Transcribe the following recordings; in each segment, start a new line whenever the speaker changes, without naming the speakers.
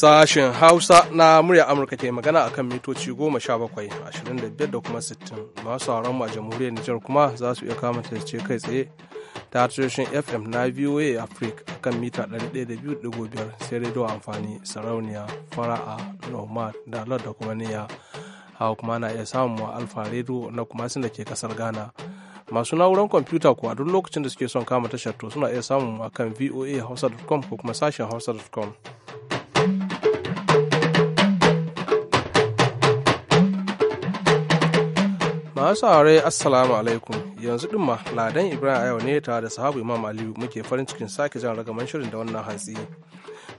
Sashen Hausa na murya Amurka ke magana akan mitoci goma sha bakwai, ashirin da biyar da kuma sittin. Masu sauran mu a jamhuriyar Nijar kuma za su iya kama ce kai tsaye ta tashoshin FM na VOA Africa akan mita ɗari ɗaya biyar sai rediyo amfani sarauniya fara'a nomad da da kuma niya. Hawa kuma na iya samun wa alfa rediyo na kuma sun da ke kasar Ghana. masu na'urar kwamfuta kuwa duk lokacin da suke son kama tashar to suna iya samun akan voa hausa.com ko kuma sashen hausa.com masu saurare assalamu alaikum yanzu din ma ladan ibrahim Ayo ne tare da sahabu imam aliyu muke farin cikin sake jan ragaman shirin da wannan hantsi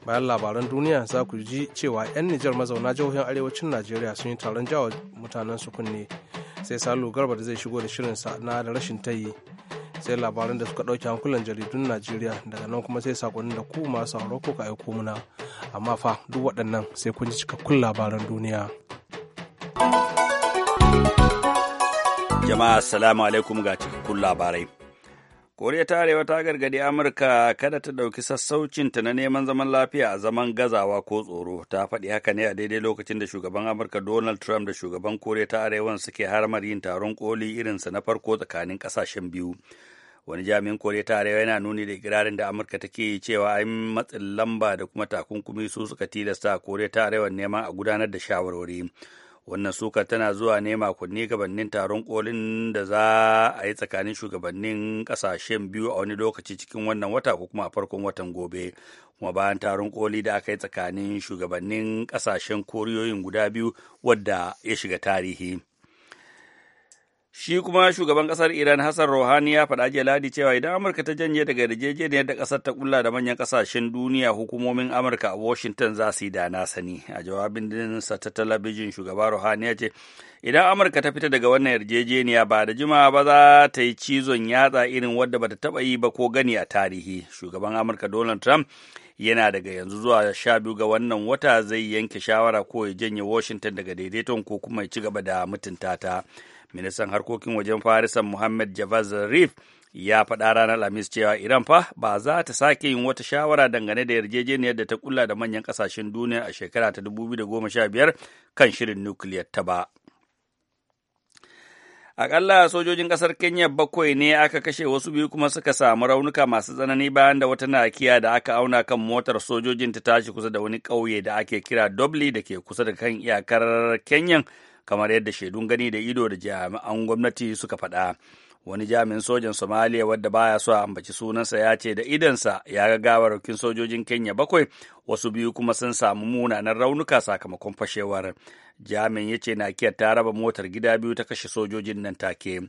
bayan labaran duniya za ku ji cewa 'yan nijar mazauna jihohin arewacin najeriya sun yi taron jawa mutanen su kunne sai salu garba da zai shigo da sa na da rashin tayi sai labaran da suka ɗauki hankulan jaridun najeriya daga nan kuma sai sakonin da ku masu sauraro ko ka aiko muna amma fa duk waɗannan sai kun ji cikakkun labaran duniya.
Jama'a assalamu alaikum ga cikakkun labarai. Koriya ta Arewa ta gargadi Amurka kada ta ɗauki sassaucinta na neman zaman lafiya a zaman gazawa ko tsoro. Ta faɗi haka ne a daidai lokacin da shugaban Amurka Donald Trump da shugaban Koriya ta Arewan suke harmar yin taron koli irinsa na farko tsakanin ƙasashen biyu. Wani jami'in Koriya ta Arewa yana nuni da ikirarin da Amurka take cewa yin matsin lamba da kuma takunkumi su suka tilasta Koriya ta Arewa neman a gudanar da shawarwari. wannan suka tana zuwa ne makonni gabanin taron kolin da za a yi tsakanin shugabannin kasashen biyu a wani lokaci cikin wannan wata ko kuma a farkon watan gobe kuma bayan taron koli da aka yi tsakanin shugabannin kasashen koriyoyin guda biyu wadda ya shiga tarihi Shi kuma shugaban ƙasar Iran Hassan Rouhani ya faɗa jiya Ladi cewa idan Amurka ta janye daga yarjejeniyar da ƙasar ta kulla da manyan ƙasashen duniya hukumomin Amurka a Washington za su yi da na sani. A jawabin dinsa ta talabijin shugaba Rouhani ya ce idan Amurka ta fita daga wannan yarjejeniya ba da jima ba za ta yi cizon yatsa irin wadda bata taɓa yi ba ko gani a tarihi. Shugaban Amurka Donald Trump yana daga yanzu zuwa sha biyu ga wannan wata zai yanke shawara ko ya janye Washington daga daidaiton ko kuma ya ci gaba da mutunta ta. ministan harkokin wajen farisan muhammad javad zarif ya faɗa ranar alhamis cewa iran fa ba za ta sake yin wata shawara dangane da yarjejeniyar da ta kulla da manyan ƙasashen duniya a shekara ta 2015 kan shirin nukiliyar ta ba Akalla sojojin ƙasar Kenya bakwai ne aka kashe wasu biyu kuma suka samu raunuka masu tsanani bayan da wata nakiya da aka auna kan motar sojojin ta tashi kusa da wani ƙauye da ake kira Dobli da ke kusa da kan iyakar Kenyan kamar yadda shaidun gani da ido da jami'an gwamnati suka faɗa wani jami'in sojan somaliya wadda baya so a ambaci sunansa ya ce da idansa ya ga gawarwakin sojojin kenya bakwai wasu biyu kuma sun samu munanan raunuka sakamakon fashewar jami'in ya ce nakiyar ta raba motar gida biyu ta kashe sojojin nan take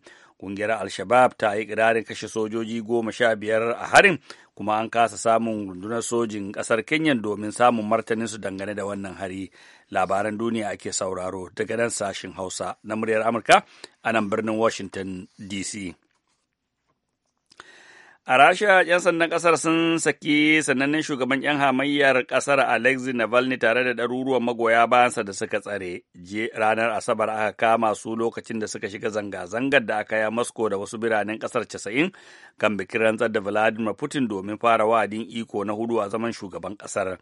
kungiyar al-shabab ta yi kirarin kashe sojoji goma sha biyar a harin kuma an kasa samun rundunar sojin kasar kenya domin samun martanin su dangane da wannan hari labaran duniya ake sauraro daga nan Sashen hausa na muryar amurka a nan birnin washington dc A Rasha, 'yan sandan ƙasar sun saki sanannen shugaban 'yan hamayyar ƙasar Alexei Navalny tare da ɗaruruwan magoya bayansa da suka tsare. ranar Asabar aka kama su lokacin da suka shiga zanga-zangar da aka ya Moscow da wasu biranen ƙasar 90 kan bikin rantsar da Vladimir Putin domin fara wa'adin iko na hudu a zaman shugaban ƙasar.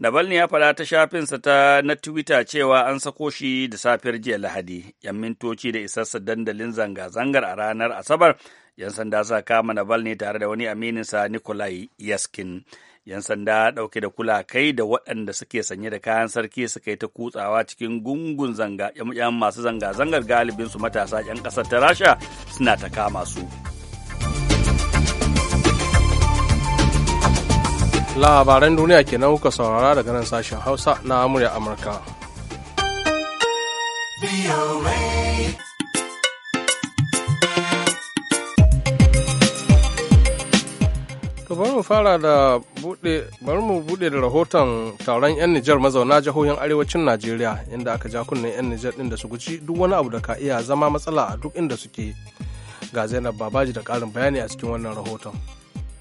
Navalny ya faɗa ta shafinsa ta na Twitter cewa an sako shi da safiyar jiya Lahadi, ‘yan mintoci da isassa dandalin zanga-zangar a ranar Asabar 'yan sanda sa kama Navalny tare da wani amininsa Nikolai Yaskin. 'yan sanda ɗauke da kula kai da waɗanda suke sanye da kayan sarki suka yi ta kutsawa cikin gungun zanga yan masu zanga-zangar galibin su matasa 'yan ƙasar ta rasha suna ta kama su
labaran duniya kenan kuka saurara daga nan sashen hausa na amurya amurka bari mu fara da bude bari mu bude da rahoton taron 'yan Nijar mazauna jihohin arewacin Najeriya inda aka ja kunnen 'yan Nijar din da su guji duk wani abu da ka iya zama matsala a duk inda suke. Ga Zainab Babaji da karin bayani a cikin wannan rahoton.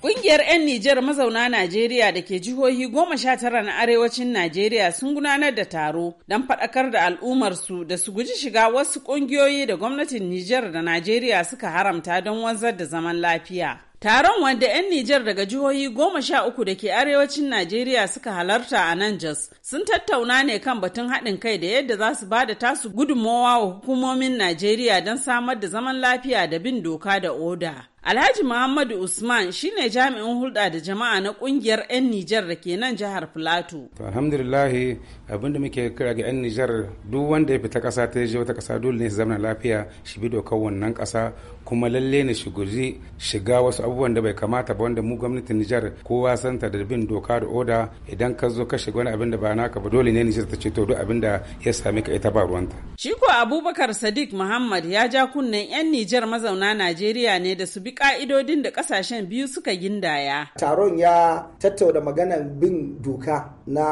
Ƙungiyar 'yan Nijar mazauna Najeriya da ke jihohi goma sha tara na arewacin Najeriya sun gudanar da taro don faɗakar da al'ummarsu da su guji shiga wasu ƙungiyoyi da gwamnatin Nijar da Najeriya suka haramta don wanzar da zaman lafiya. Taron wanda 'yan Nijar daga jihohi goma sha uku da ke arewacin Najeriya suka halarta a nan Jos sun tattauna ne kan batun haɗin kai da yadda za su ba da tasu gudunmowa wa hukumomin Najeriya don samar da zaman lafiya da bin doka da oda. Alhaji Muhammadu Usman shine jami'in hulɗa da jama'a na ƙungiyar 'yan Nijar da ke nan jihar Filato.
Alhamdulillahi abinda muke kira ga 'yan Nijar duk wanda ya fita ƙasa ta je wata ƙasa dole ne su zama lafiya shi bi dokar wannan ƙasa kuma lalle ne shi guji shiga wasu abubuwan da bai kamata ba wanda mu gwamnatin Nijar kowa ta da bin doka da oda idan ka zo ka shiga wani abin da ba naka ba dole ne Nijar ta ce to duk abin da ya sami ka ita ba ruwanta.
Shi ko Abubakar Sadiq Muhammad ya ja kunnen 'yan Nijar mazauna Najeriya ne da su bi ƙa'idodin da kasashen biyu suka gindaya.
Taron ya tattauna maganar bin doka na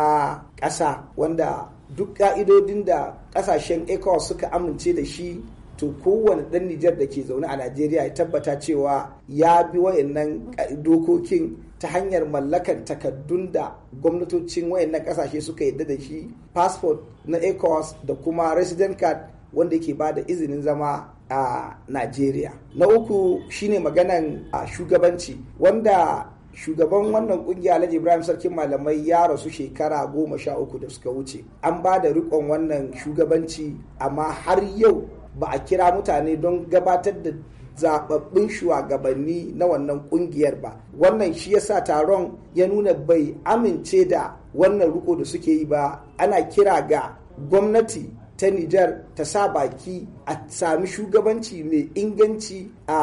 ƙasa wanda duk ƙa'idodin da kasashen ECOWAS suka amince da shi to kowane ɗan Nijar da ke zaune a Najeriya ya tabbata cewa ya bi wayannan dokokin ta hanyar mallakar takardun da gwamnatocin wayannan kasashe suka yadda da shi passport na ECOWAS da kuma resident card wanda yake bada izinin zama a Najeriya. Na uku shine maganan a shugabanci wanda shugaban wannan kungiya Alhaji Ibrahim Sarkin Malamai ya rasu shekara goma sha uku da suka wuce. An ba da rikon wannan shugabanci amma har yau ba a kira mutane don gabatar da zababbin shugabanni na wannan kungiyar ba. Wannan shi yasa taron ya nuna bai amince da wannan riko da suke yi ba ana kira ga gwamnati ta Nijar ta sa baki a sami shugabanci mai inganci a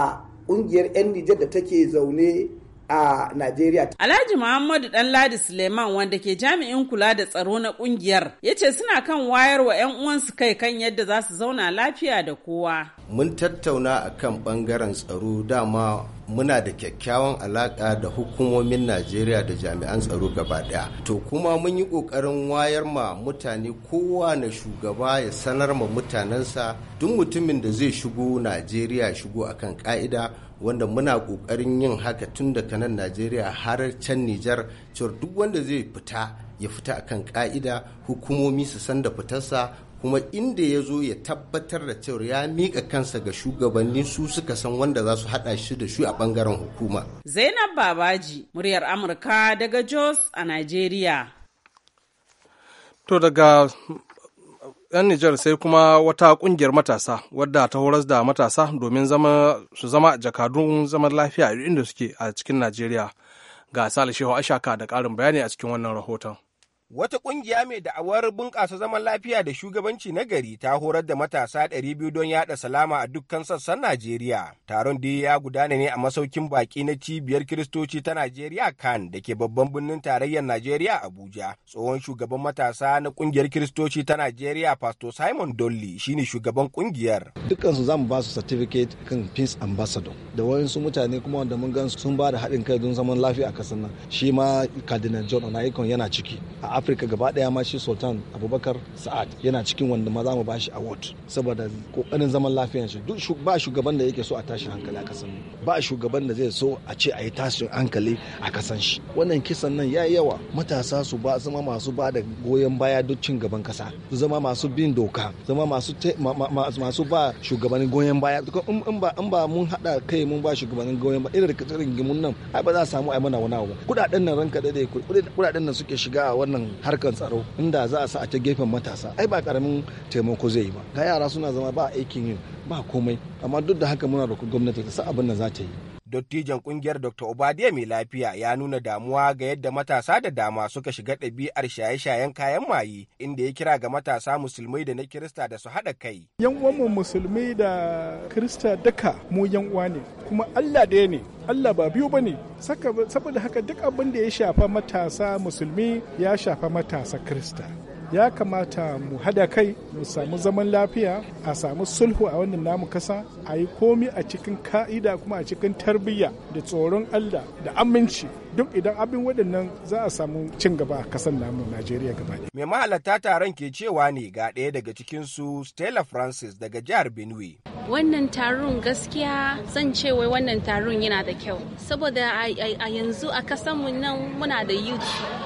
ƙungiyar 'yan Nijar da take zaune a Najeriya.
Alhaji Muhammadu Danladi Suleiman wanda ke jami'in kula da tsaro na ƙungiyar, ya ce suna kan wayar wa 'yan uwansu kai kan yadda za su zauna lafiya da kowa.
Mun tattauna a kan ɓangaren tsaro dama muna da kyakkyawan alaka da hukumomin najeriya da jami'an tsaro gaba daya to kuma mun yi kokarin wayar ma mutane kowane shugaba ya sanar ma mutanensa duk mutumin da zai shigo najeriya shigo akan ka'ida wanda muna kokarin yin haka tun daga nan najeriya har can nijar cewar duk wanda zai fita ya fita akan ka'ida hukumomi su san da fitarsa kuma inda ya zo ya tabbatar da cewa ya mika kansa ga shugabanni su suka san wanda za su haɗa shi da shi a ɓangaren
hukuma.
Zainab Babaji, muryar Amurka daga Jos a Najeriya.
To daga 'yan Nijar sai kuma wata kungiyar matasa wadda ta horas da matasa domin su zama jakadun zaman lafiya inda suke a cikin Najeriya. Ga Salishu Ashaka da ƙarin bayani a cikin wannan rahoton.
Wata kungiya mai da'awar bunƙasa zaman lafiya da shugabanci na gari ta horar da matasa 200 don yada salama a dukkan sassan Najeriya. Taron da ya gudana ne a masaukin baki na cibiyar Kiristoci ta Najeriya kan da ke babban birnin tarayyar Najeriya Abuja. Tsohon shugaban matasa na kungiyar Kiristoci ta Najeriya Pastor Simon Dolly shine shugaban kungiyar. Dukkan su zamu ba su certificate kan Peace Ambassador da su mutane kuma wanda mun gan sun ba da haɗin kai don zaman lafiya a kasan nan. Shi ma Cardinal John Onaikon yana ciki. afirka gaba daya ma shi sultan abubakar sa'ad yana cikin wanda ma za mu bashi award saboda kokarin zaman lafiyar shi duk ba shugaban da yake so a tashi hankali a kasan ba shugaban da zai so a ce a yi tashin hankali a kasan shi wannan kisan nan ya yawa matasa su ba zama masu ba da goyon baya duk cin gaban kasa su zama masu bin doka zama masu masu ba shugabannin goyon baya in ba in ba mun hada kai mun ba shugabannin goyon baya irin rikicin rigimun nan ai ba za a samu ai mana wani abu kudaden nan ranka daidai kudaden nan suke shiga a wannan harkar tsaro inda za a sa a ta gefen matasa ai ba karamin taimako zai yi ba ga yara suna zama ba aikin yin ba komai amma duk da haka muna roƙon gwamnati ta sa abin da za ta yi Dottijan kungiyar Dr. Obadiya mai lafiya ya nuna damuwa ga yadda matasa da dama suka shiga ɗabi'ar shaye-shayen kayan maye inda ya kira ga matasa musulmai da na Kirista da su haɗa kai. Yan uwanmu musulmai da Kirista duka mu yan uwa ne kuma Allah ɗaya ne Allah ba biyu bane saboda haka duk abin da ya shafa matasa musulmi ya shafa matasa Kirista. ya kamata mu hada kai mu samu zaman lafiya a samu sulhu a wannan namu kasa a yi komi a cikin ka'ida kuma a cikin tarbiyya da tsoron allah da aminci duk idan abin waɗannan za a samu cin gaba a kasan namu najeriya gaba mai mahalarta taron ke cewa ne ga ɗaya daga cikin su stella francis daga jihar benue
wannan taron gaskiya zan ce wai wannan taron yana da kyau saboda a yanzu a kasanmu nan muna da youth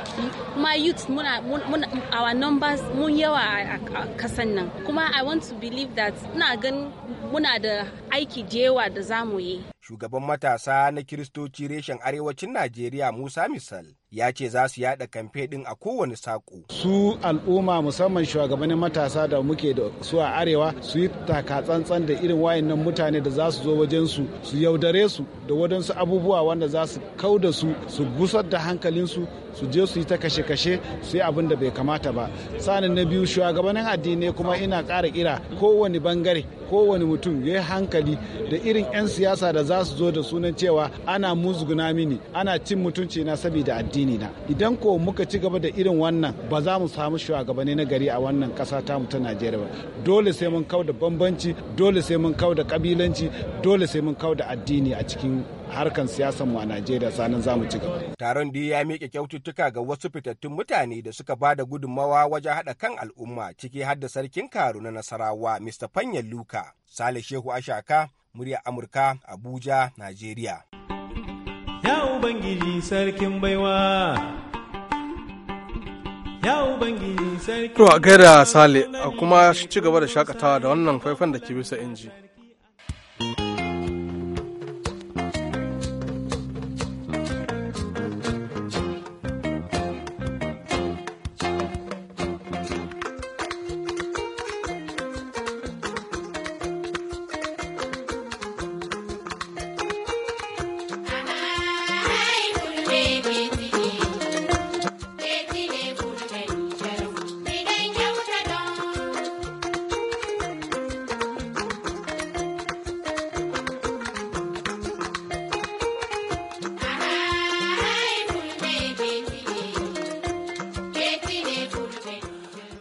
kuma youth muna our numbers mun yawa a kasan nan kuma i want to believe that ina gan muna da aiki da yawa da za yi
shugaban matasa na kiristoci reshen arewacin najeriya musa misal ya ce za su yada kamfe din a kowane sako su al'umma musamman
shugabannin matasa da muke da su a arewa su yi takatsantsan da irin wayannan mutane da za su zo wajen su su yaudare su da wadansu abubuwa wanda za su kau da su su gusar da hankalinsu su je su yi ta kashe-kashe su yi abin da bai kamata ba sanin na biyu shugabannin addinai kuma ina kara kira kowane bangare kowane mutum ya yi hankali da irin 'yan siyasa da za su zo da sunan cewa ana musguna mini ana cin mutunci na saboda addini na idan ko muka ci gaba da irin wannan ba za mu samu shugabanni na gari a wannan ƙasa ta mu ta najeriya ba dole sai mun kau da bambanci dole sai mun kau da kabilanci dole sai mun kau da addini a cikin harkan siyasar mu a Najeriya sanan zamu ci gaba.
Taron da ya miƙe kyaututtuka ga wasu fitattun mutane da suka ba da gudunmawa wajen haɗa kan al'umma ciki har da sarkin Karu na Nasarawa Mr. Fanya Luka. Sale Shehu Ashaka, murya Amurka, Abuja, Najeriya.
Ya Ubangiji sarkin baiwa.
To a gaida
Sale, a kuma ci gaba da shakatawa da wannan faifan da ke bisa inji.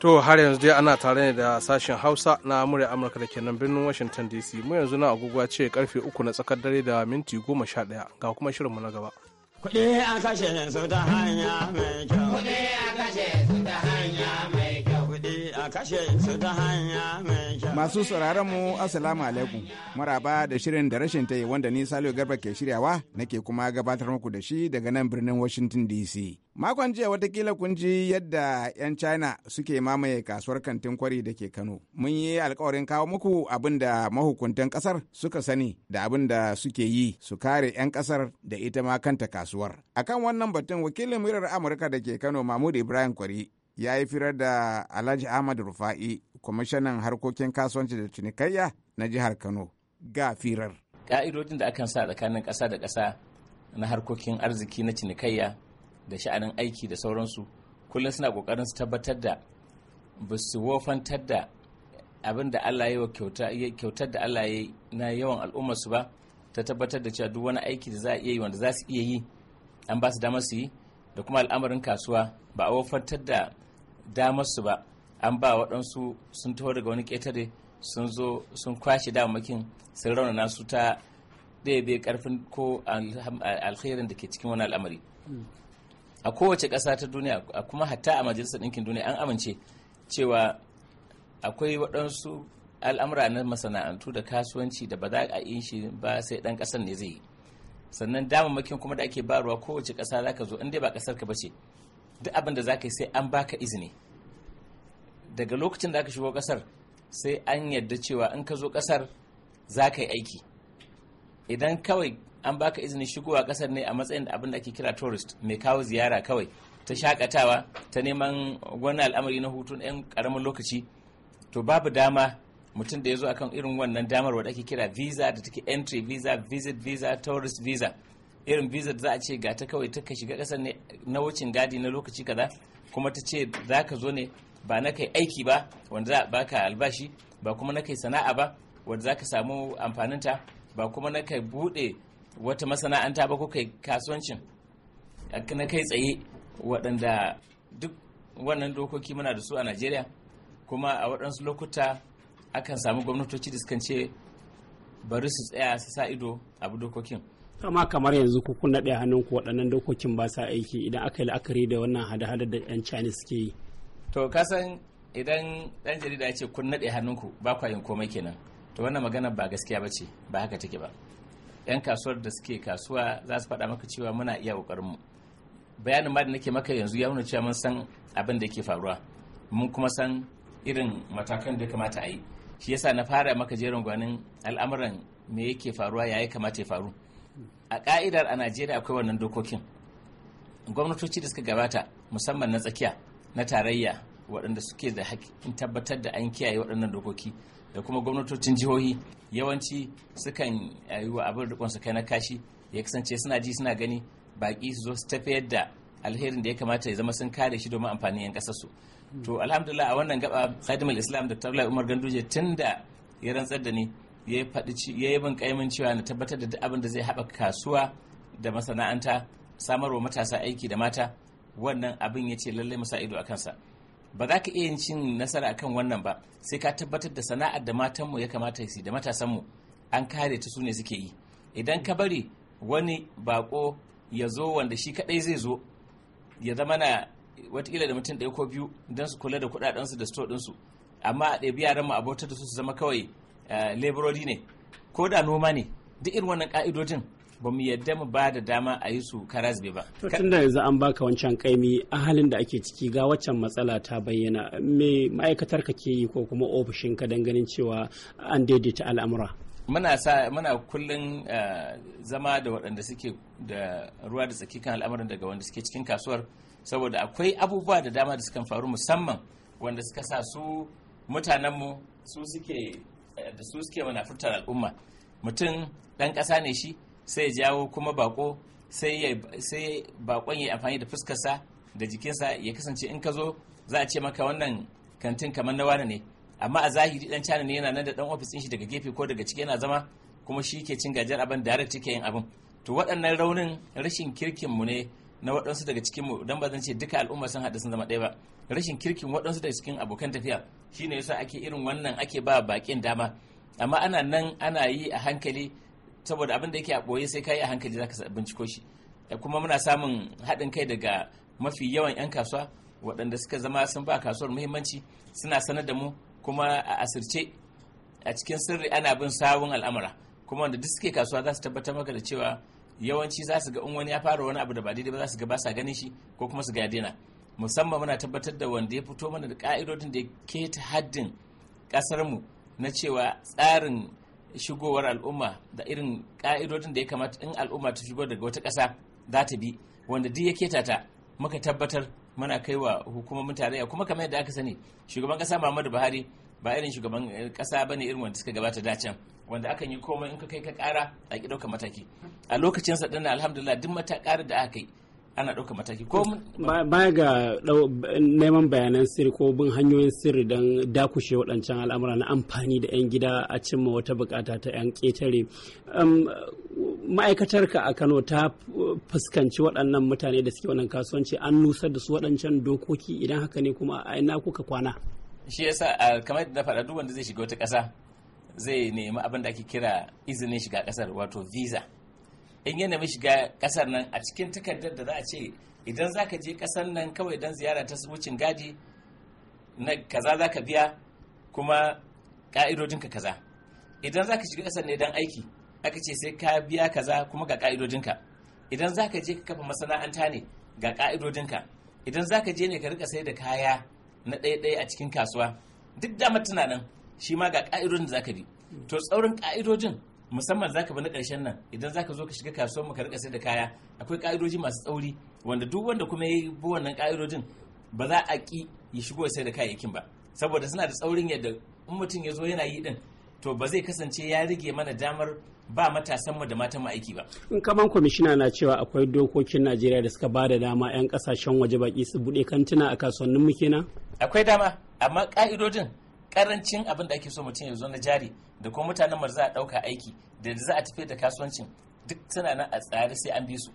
To har yanzu dai ana tare ne da sashen Hausa na murya Amurka da kenan birnin Washington DC. Mu yanzu na agogo ce karfe uku na tsakar dare da minti goma sha ɗaya ga kuma shirin mu na gaba.
Kuɗi a kashe su ta hanya mai kyau. kashe su ta Masu sauraron mu Assalamu alaikum. Maraba da shirin da rashin ta yi wanda ni Salo Garba ke shiryawa nake kuma gabatar muku da shi daga nan birnin Washington DC. Makon jiya watakila kun ji yadda 'yan China suke mamaye kasuwar kantin kwari da ke Kano. Mun yi alkawarin kawo muku abin da mahukuntan kasar suka sani da abin da suke yi su kare 'yan kasar da ita ma kanta kasuwar. Akan wannan batun wakilin murar Amurka da ke Kano Mahmud Ibrahim Kwari ya yi firar da Alhaji Ahmad Rufa'i, kwamishinan harkokin kasuwanci da cinikayya na jihar Kano
ga firar. Ka'idojin da akan sa tsakanin ƙasa da ƙasa na harkokin arziki na cinikayya da sha'anin aiki da sauransu kullum suna ƙoƙarin su tabbatar da ba su wofantar da abin da Allah ya kyautar da Allah ya na yawan al'ummarsu ba ta tabbatar da cewa duk wani aiki da za a iya yi wanda za su iya yi an ba su damar su yi da kuma al'amarin kasuwa ba a wofantar da damar su ba an ba waɗansu sun taho daga wani ƙetare sun zo sun kwashe damakin sun raunana su ta ɗaya karfin ko alkhairin da ke cikin wani al'amari a kowace ƙasa ta duniya a kuma hatta a majalisar ɗinkin duniya an amince cewa akwai waɗansu al'amura na masana'antu da kasuwanci da ba za a yi shi ba sai ɗan ƙasar ne zai yi sannan damammakin kuma da ake barwa kowace ƙasa za ka zo in dai ba ƙasar ka ba ce. duk abin da za ka yi sai an baka izini daga lokacin da aka shigo kasar sai an yadda cewa in ka zo kasar za ka yi aiki idan kawai an baka izini shigowa kasar ne a matsayin da abin da ake kira tourist mai kawo ziyara kawai ta shakatawa ta neman wani al'amari na na 'yan karamin lokaci to babu dama mutum da ya zo akan irin wannan damar wadda ake kira visa da take entry visa visit visa tourist visa irin visar za a ce ga ta kawai ta shiga kasar ne na wucin gadi na lokaci kaza kuma ta ce za ka zo ne ba na kai aiki ba wanda za ba baka albashi ba kuma na kai sana'a ba wanda za ka samu amfaninta ba kuma na kai buɗe wata masana'anta ba ko kai kasuwancin na kai tsaye waɗanda duk wannan dokoki muna da su a najeriya kuma a waɗansu lokuta akan samu gwamnatoci da sukan ce bari su tsaya su sa ido abu dokokin
kama kamar yanzu ku kun naɗe hannunku waɗannan dokokin ba sa aiki idan aka yi la'akari da wannan hada-hada da 'yan cani suke yi
to kasan idan ɗan jarida ya ce kun naɗe hannunku ba kwa yin komai kenan to wannan magana ba gaskiya ba ce ba haka take ba 'yan kasuwar da suke kasuwa za su faɗa maka cewa muna iya ƙoƙarinmu bayanin ma da nake maka yanzu ya nuna cewa mun san abin da ke faruwa mun kuma san irin matakan da kamata a yi shi yasa na fara maka jerin gwanin al'amuran me yake faruwa ya kamata ya faru a ƙa'idar a najeriya akwai wannan dokokin gwamnatoci da suka gabata musamman na tsakiya na tarayya waɗanda suke da hakkin tabbatar da an kiyaye waɗannan dokoki da kuma gwamnatocin jihohi yawanci sukan eh, yi wa abin rikon su kai na kashi ya kasance suna ji suna gani baƙi su zo su tafiyar da alherin da ya kamata ya zama sun kare shi domin amfanin 'yan su to alhamdulillah a wannan gaba khadimul islam da tarla umar ganduje tun da ya rantsar da ni ya yi bin ƙaimin cewa na tabbatar da abin da zai haɓaka kasuwa da masana'anta samarwa matasa aiki da mata wannan abin ya ce lallai masa ido a kansa ba za ka iya yin cin nasara akan wannan ba sai ka tabbatar da sana'ar da matan mu ya kamata su da mu an kare ta su ne suke yi idan ka bari wani bako ya zo wanda shi kadai zai zo ya zama na watakila da mutum ɗaya ko biyu don su kula da kuɗaɗensu da sto ɗinsu amma a ɗabi mu abota da su su zama kawai Eh, laborori ne ko da noma ne duk irin wannan ka'idojin ba mu yadda mu ba da dama a yi su karazbe ba. tun
da yanzu an baka wancan kaimi a halin da ake ciki ga waccan matsala ta bayyana me ma'aikatar ka ke yi ko kuma ofishin ka ganin cewa an daidaita al'amura.
Muna sa muna kullun eh, zama da waɗanda suke da ruwa da tsaki kan al'amuran daga wanda suke cikin kasuwar saboda akwai abubuwa da dama da suka faru musamman wanda suka sa su mutanenmu su suke da su suke furtar al'umma mutum ɗan ƙasa ne shi sai ya jawo kuma bako sai bakon ya amfani da fuskarsa da jikinsa ya kasance in ka zo za a ce maka wannan kantin kamar na wane ne amma a zahiri dan cana ne yana nan da dan ofis shi daga gefe ko daga ciki yana zama kuma shi ke cin gajiyar abin direct yake yin abin to waɗannan raunin rashin kirkin mu ne na waɗansu daga cikin mu dan ba zan ce duka al'umma sun haɗu sun zama ɗaya ba rashin kirkin waɗansu da cikin abokan tafiya shi shine yasa ake irin wannan ake ba baƙin dama amma ana nan ana yi a hankali saboda abin da yake a ɓoye sai ka yi a hankali zaka binciko shi kuma muna samun haɗin kai daga mafi yawan 'yan kasuwa waɗanda suka zama sun ba kasuwar muhimmanci suna sanar da mu kuma a asirce a cikin sirri ana bin sabon al'amura kuma wanda duk suke kasuwa za su tabbatar maka da cewa yawanci za su ga in wani ya fara wani abu da ba daidai ba za su ga ba sa ganin shi ko kuma su ga daina musamman muna tabbatar da wanda ya fito mana da ka'idodin da ya ta haddin mu na cewa tsarin shigowar al'umma da irin ka'idodin da ya kamata in al'umma ta shigo daga wata ƙasa za ta bi wanda duk ya keta ta muka tabbatar muna kai wa hukumomin tarayya kuma kamar yadda aka sani shugaban ƙasa muhammadu buhari ba irin shugaban eh, ƙasa ba ne irin wanda suka gabata da can wanda akan yi komai in ka kai ka ƙara a ki mataki a lokacin sa ɗin alhamdulillah duk mata da aka yi ana ɗauka mataki ko
baya ga neman bayanan sirri ko bin hanyoyin sirri don dakushe waɗancan al'amura na amfani da 'yan gida a cimma wata bukata ta 'yan ƙetare um, ma'aikatar ka a kano ta fuskanci waɗannan mutane da suke wannan kasuwanci an nusar da su waɗancan dokoki idan haka ne kuma a ina kuka kwana
shi yasa kamar da faɗa duk wanda zai shiga wata ƙasa zai nemi abin da ake kira izinin shiga ƙasar wato visa in yana nemi shiga kasar nan a cikin takardar da za a ce idan za ka je kasar nan kawai don ziyara ta wucin gadi na kaza za ka biya kuma ka'idodinka kaza idan za ka shiga kasar ne don aiki aka ce sai ka biya kaza kuma ga ka'idodinka idan za ka je ka kafa masana'anta ne ga ka'idodinka idan za ka je ne ka rika sai da kaya na ɗaya-ɗaya a cikin kasuwa duk damar tunanin shi ma ga ka'idodin da za ka bi to tsaurin ka'idodin musamman zaka bi na karshen nan idan zaka zo ka shiga kasuwar mu ka rika sai da kaya akwai ka'idoji masu tsauri wanda duk wanda kuma ya bi wannan ka'idojin ba za a ki ya shigo sai da kayayyakin ba saboda suna da tsaurin yadda in mutum ya zo yana yi din to ba zai kasance ya rige mana damar ba matasan mu da matan aiki ba.
In kaman kwamishina na cewa akwai dokokin Najeriya da suka bada da dama 'yan kasashen waje baki su buɗe kantuna a kasuwannin mu
kenan? Akwai dama, amma ka'idojin karancin abin da ake so mutum ya zo na jari da kuma mutanen marza za a ɗauka aiki da za a tafi da kasuwancin duk suna nan a tsare sai an bi su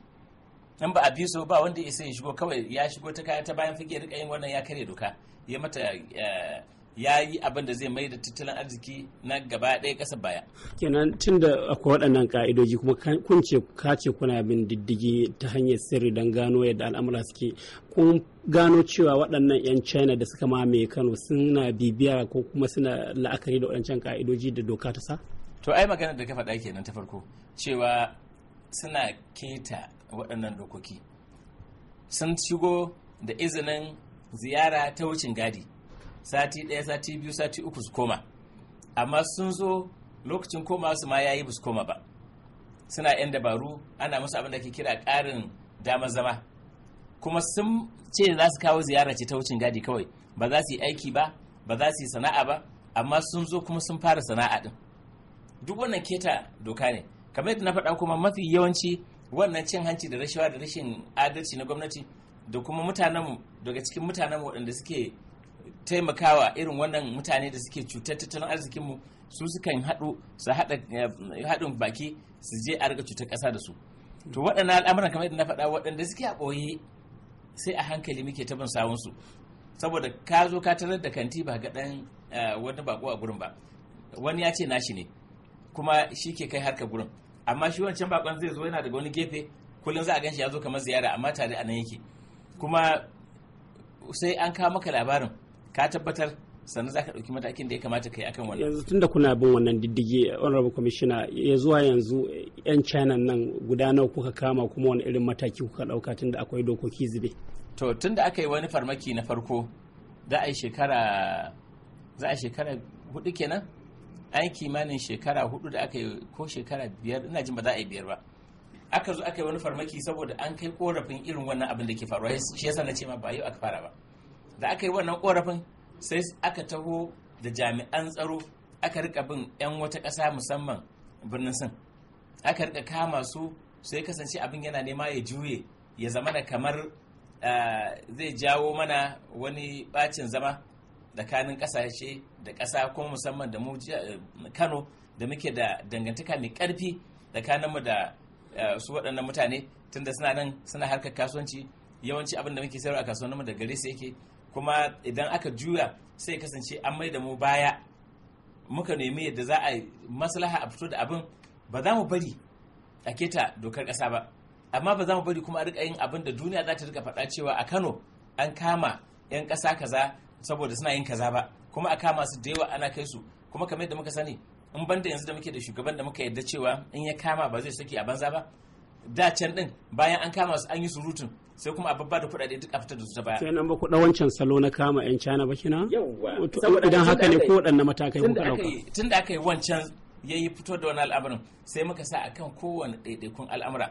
in ba a bi su ba wanda ya sai ya shigo kawai ya shigo ta kaya ta bayan fage rika yin wannan ya karya doka ya mata eh, ya yi abin da zai mai da tattalin arziki na gaba ɗaya ƙasa baya.
kenan tun da akwai waɗannan ka'idoji kuma kun ce kace kuna bin diddigi ta hanyar sirri don gano yadda al'amura suke kun gano cewa waɗannan 'yan china da suka mamaye kano suna bibiya ko kuma suna la'akari da waɗancan ka'idoji da doka
ta sa. to ai maganar da ka faɗa kenan ta farko cewa suna keta waɗannan dokoki sun shigo da izinin ziyara ta wucin gadi sati ɗaya sati biyu sati uku su koma amma sun zo lokacin koma su ma yayi ba su koma ba suna yan dabaru ana musu abin da ke kira ƙarin dama zama kuma sun ce za su kawo ziyara ce ta wucin gadi kawai ba za su yi aiki ba ba za su yi sana'a ba amma sun zo kuma sun fara sana'a din duk wannan keta doka ne kamar yadda na faɗa kuma mafi yawanci wannan cin hanci da rashawa da rashin adalci na gwamnati da kuma mutanenmu daga cikin mutanenmu waɗanda suke taimakawa irin wannan mutane da suke cutar tattalin arzikinmu su sukan haɗu su eh, haɗin baki su je a riga cutar ƙasa da su to waɗannan al'amuran kamar yadda na faɗa waɗanda suke a ɓoye sai a hankali muke ta bin sawunsu saboda ka zo ka tarar da kanti ba ga ɗan eh, wani baƙo a gurin ba wani ya ce nashi ne kuma shi ke kai harka gurin amma shi wancan baƙon zai zo yana daga wani gefe kullum za a ganshi ya zo kamar ziyara amma tare a nan yake kuma sai an kawo maka labarin ka tabbatar sannan za ka ɗauki matakin da ya kamata ka yi akan wannan yanzu
tunda kuna bin wannan diddigi honorable commissioner ya zuwa yanzu yan china nan guda nawa kuka kama kuma wani irin mataki kuka ɗauka tunda akwai dokoki
zube to tunda aka yi wani farmaki na farko za a yi shekara za a shekara hudu kenan an kimanin shekara hudu da aka yi ko shekara biyar ina jin ba za a yi biyar ba aka zo aka yi wani farmaki saboda an kai korafin irin wannan abin da ke faruwa shi yasa na ce ma ba yau aka fara ba da aka yi wannan korafin sai aka taho da jami'an tsaro aka rika bin 'yan wata ƙasa musamman birnin sin aka rika kama su sai kasance abin yana nema ya juye ya zama da kamar zai jawo mana wani bacin zama tsakanin ƙasashe da ƙasa kuma musamman da mu eh, kano da muke da dangantaka mai ƙarfi tsakaninmu da eh, su waɗannan mutane tunda suna nan suna harkar kasuwanci yawanci abin da muke sayarwa a kasuwanninmu da gare su yake kuma idan aka juya sai kasance an mai da mu baya muka nemi yadda za a maslaha a fito da abin ba za mu bari a keta dokar ƙasa ba amma ba za mu bari kuma a rika yin abin da duniya za ta rika faɗa cewa a kano an kama 'yan ƙasa kaza saboda suna yin kaza ba kuma a kama su da yawa ana kai su kuma kamar yadda muka sani in banda yanzu da muke da shugaban da muka yadda cewa in ya kama ba zai saki a banza ba da can din bayan an kama su an yi surutun sai kuma a babba da kudade duk a fitar da su ta baya. Sai ba
ku wancan salo na kama 'yan China ba kina?
Idan haka ne ko waɗanne matakai kuka ɗauka? Tun da aka yi wancan ya yi fito da wani al'amarin sai muka sa akan kowane ɗaiɗaikun al'amura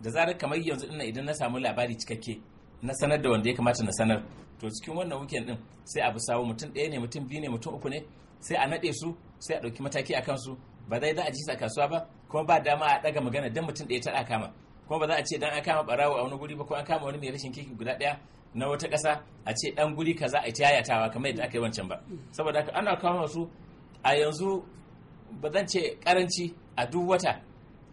da zarar kamar yanzu ɗin idan na samu labari cikakke na sanar da wanda ya kamata na sanar to cikin wannan weekend din sai abu sawo mutum ɗaya ne mutum biyu ne mutum uku ne sai a naɗe su sai a ɗauki mataki a kansu ba dai za a ji sa kasuwa ba kuma ba dama a daga magana dan mutum ɗaya ta kama kuma ba za a ce dan an kama barawo a wani guri ba ko an kama wani mai rashin kirki guda ɗaya na wata ƙasa a ce dan guri kaza a ta yayatawa kamar yadda aka yi wancan ba saboda haka ana kama su a yanzu ba zan ce karanci a duk wata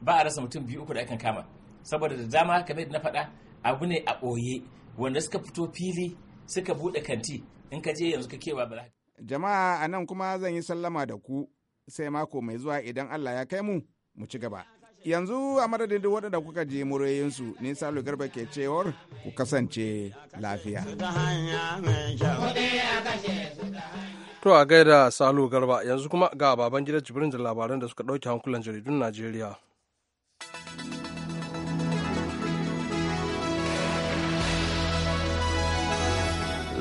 ba a rasa mutum biyu uku da akan kama saboda da dama kamar yadda na faɗa abu ne a ɓoye wanda suka fito fili suka buɗe kanti in ka je yanzu ka kewa bala.
jama'a a nan kuma zan yi sallama da ku sai mako mai zuwa idan allah ya kai mu mu ci gaba yanzu a madadin duk waɗanda kuka je murayensu
ne salo garba ke cewar ku kasance lafiya to a gaida salo garba yanzu kuma ga baban gidan jibirin da labaran da suka ɗauki hankulan jaridun najeriya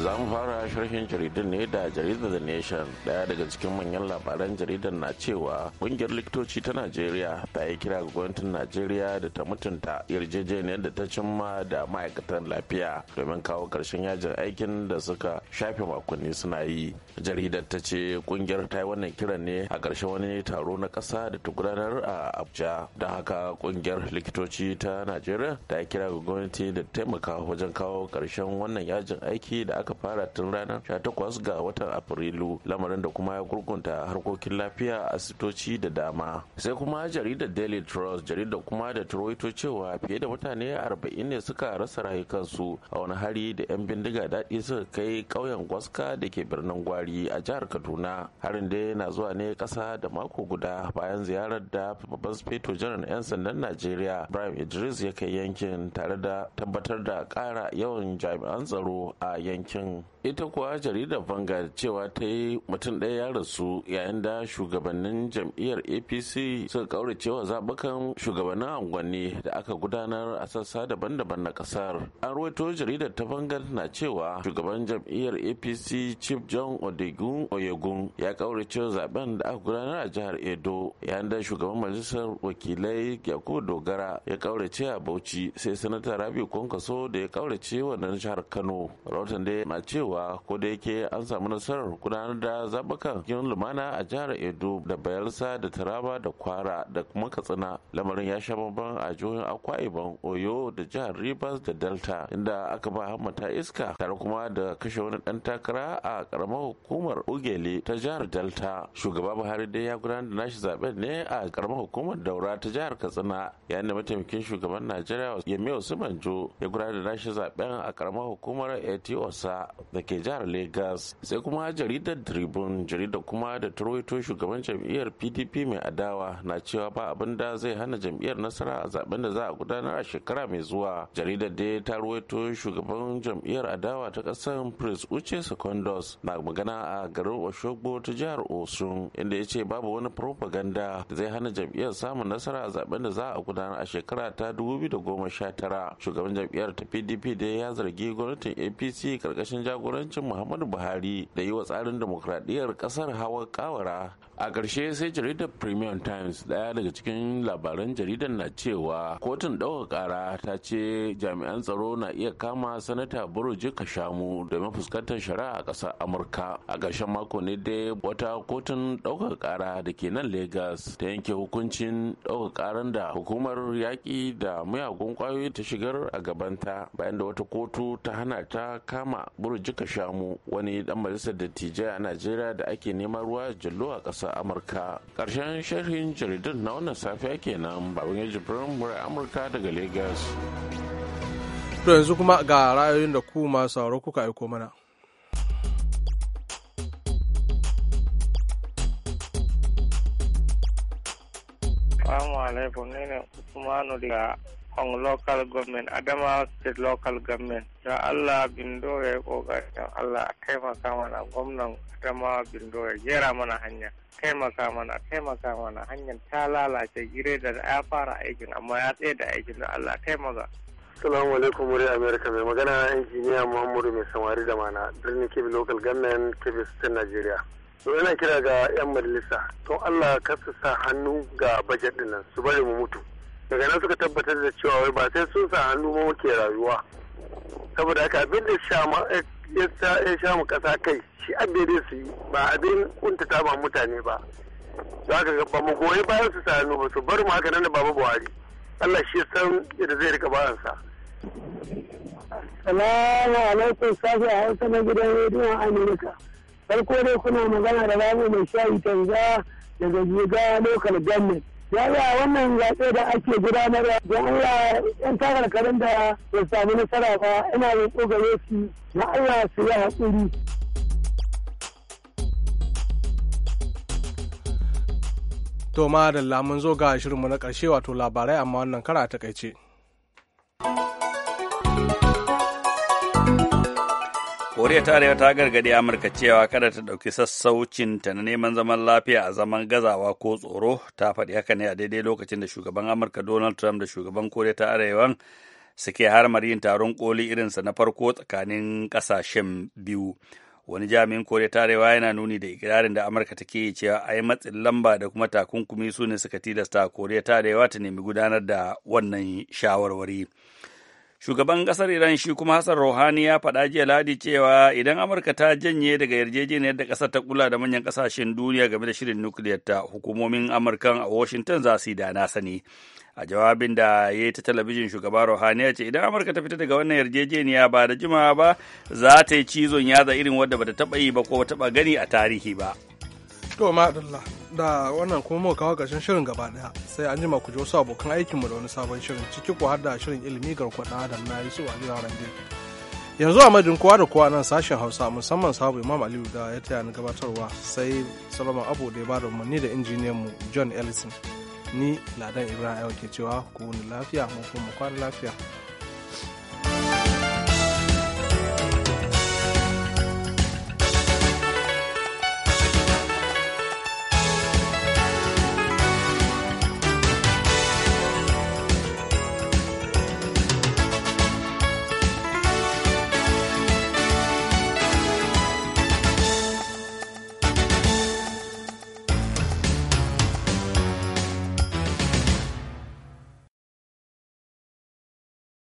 za mu fara sharhin jaridar ne da jaridar the nation daya daga cikin manyan labaran jaridar na cewa kungiyar likitoci ta najeriya ta yi kira ga gwamnatin najeriya da ta mutunta yarjejeniyar da ta cimma da ma'aikatan lafiya domin kawo karshen yajin aikin da suka shafe makonni suna yi jaridar ta ce kungiyar ta yi wannan kiran ne a ƙarshen wani taro na ƙasa da ta gudanar a abuja don haka kungiyar likitoci ta najeriya ta kira ga gwamnati da taimaka wajen kawo ƙarshen wannan yajin aiki da aka fara tun ranar 18 ga watan afrilu lamarin da kuma ya gurgunta harkokin lafiya a asibitoci da dama sai kuma jaridar daily trust jaridar kuma da turoito cewa fiye da mutane arba'in ne suka rasa rayukansu a wani hari da 'yan bindiga daɗi suka kai ƙauyen gwaska da ke birnin gwari hari a jihar kaduna harin dai na zuwa ne kasa da mako guda bayan ziyarar da babban speto janar 'yan sandan najeriya brian idris ya kai yankin tare da tabbatar da kara yawan jami'an tsaro a yankin ita kuwa jaridar banga cewa ta yi mutum ɗaya ya rasu yayin da shugabannin jam'iyyar apc suka kaurace wa zaɓukan shugabannin unguwanni da aka gudanar a sassa daban-daban na ƙasar an ruwaito jaridar ta bangar na cewa shugaban jam'iyyar apc chief john odigun oyegun ya cewa zaben da aka gudanar a jihar edo ya da shugaban majalisar wakilai yakubu dogara ya kaurace a bauchi sai sanata rabi kwankwaso da ya kaurace nan jihar kano rahoton da na cewa ko da yake an samu nasarar gudanar da zabukan cikin lumana a jihar edo da bayelsa da taraba da kwara da kuma katsina lamarin ya sha bamban a jihohin akwa ibom oyo da jihar rivers da delta inda aka ba hamata iska tare kuma da kashe wani dan takara a karamar hukumar ogele ta jihar delta shugaba buhari dai ya gudanar da nashi zaben ne a karamar hukumar daura ta jihar katsina yayin da mataimakin shugaban najeriya yemi osinbajo ya gudanar da nashi zaben a karamar hukumar etiosa da ke jihar lagos sai kuma jaridar tribune jaridar kuma da turwaito shugaban jam'iyyar pdp mai adawa na cewa ba abin da zai hana jam'iyyar nasara a zaben da za a gudanar a shekara mai zuwa jaridar dai ta ruwaito shugaban jam'iyyar adawa ta kasar prince uche secondos na magana a garin Oshogbo ta jihar Osun inda ya ce babu wani propaganda da zai hana jam'iyyar samun nasara a zaben da za a gudanar a shekara ta 2019. Shugaban jam'iyyar ta PDP da ya zargi gwamnatin APC karkashin jagorancin Muhammadu Buhari da yi wa tsarin demokradiyyar kasar hawa kawara a ƙarshe sai jaridar premium times ɗaya daga cikin labaran jaridar na cewa kotun ɗauka ƙara ta ce jami'an tsaro na iya kama sanata buruji kashamu da fuskantar shari'a a ƙasar amurka a ƙarshen mako ne dai wata kotun ɗauka ƙara da ke nan Legas ta yanke hukuncin ɗauka ƙaran da hukumar yaƙi da miyagun ƙwayoyi ta shigar a gabanta bayan da wata kotu ta hana ta kama buruji kashamu wani ɗan majalisar dattijai a najeriya da ake neman ruwa jallo a ƙasar siyasa amurka ƙarshen
sharhin jaridun na wannan safiya kenan baban yaji jibirin amurka daga lagos to yanzu kuma ga ra'ayoyin da ku masu sauro kuka aiko mana Assalamu alaikum ne ne Usmanu daga on local government adama state local government da allah bindo ya yi kokarin allah a taimaka mana gwamnan adama bindo ya jera mana hanya taimaka mana taimaka mana hanyar ta lalace gire da ya fara aikin amma ya tsaye da aikin da allah taimaka
Salamu alaikum wuri america mai magana injiniya Muhammadu mai samari da mana birnin Kebbi local
government Kebbi state Nigeria. to yana kira ga 'yan majalisa to allah kar sa hannu ga bajet dinnan su bari mu mutu daga nan suka tabbatar da cewa wai ba sai sun sa hannu ba muke rayuwa saboda haka abin da ya sha mu kasa kai shi abin da su yi ba abin kuntata ba mutane ba za ka ba mu goyi bayan su sa hannu ba su bar mu haka nan da baba buhari allah shi san yadda zai rika sa.
salamu alaikum safi a hausa na gidan rediyon amurka farko dai kuna magana da babu mai shayi tanza daga jiga lokal government ya za wannan zaɓe da ake gudanarwa don Allah yan takarkarin da ya samu nasara ba ina yin su na Allah su yi haƙuri.
To ma da lamun zo ga shirinmu na ƙarshe wato labarai amma wannan kara a takaice.
koriya ta arewa ta gargaɗi amurka cewa kada ta ɗauki sassaucin ta na neman zaman lafiya a zaman gazawa ko tsoro ta faɗi haka ne a daidai lokacin da shugaban amurka donald trump da shugaban koriya ta arewan suke harmar yin taron koli irinsa na farko tsakanin ƙasashen biyu wani jami'in koriya ta arewa yana nuni da ikirarin da amurka take yi cewa ai matsin lamba da kuma takunkumi su ne suka tilasta koriya ta arewa ta nemi gudanar da wannan shawarwari. Shugaban ƙasar Iran shi kuma Hassan rohani ya faɗa jiya Ladi cewa idan Amurka ta janye daga yarjejeniyar da ƙasar ta kula da manyan ƙasashen duniya game da shirin nukiliyar ta hukumomin Amurkan a Washington za su yi da na sani. A jawabin da ya yi ta talabijin shugaba rohani ya ce idan Amurka ta fita daga wannan yarjejeniya ba da jimawa ba za ta yi cizon yaza irin wadda bata taɓa yi ba ko taɓa gani a tarihi ba.
To ma'adalla da wannan kuma muka kawo ƙarshen shirin gaba ɗaya sai an jima ku ji wasu abokan aikinmu da wani sabon shirin ciki ko har da shirin ilimi garkuwar ɗan adam na yi a Ali Harande. Yanzu a madin kowa da kowa nan sashen Hausa musamman sabu Imam Aliyu da ya taya ni gabatarwa sai salama Abu da ya bada umarni da injiniyan mu John Ellison. Ni Ladan Ibrahim ke cewa ku wuni lafiya mu kuma kwana lafiya.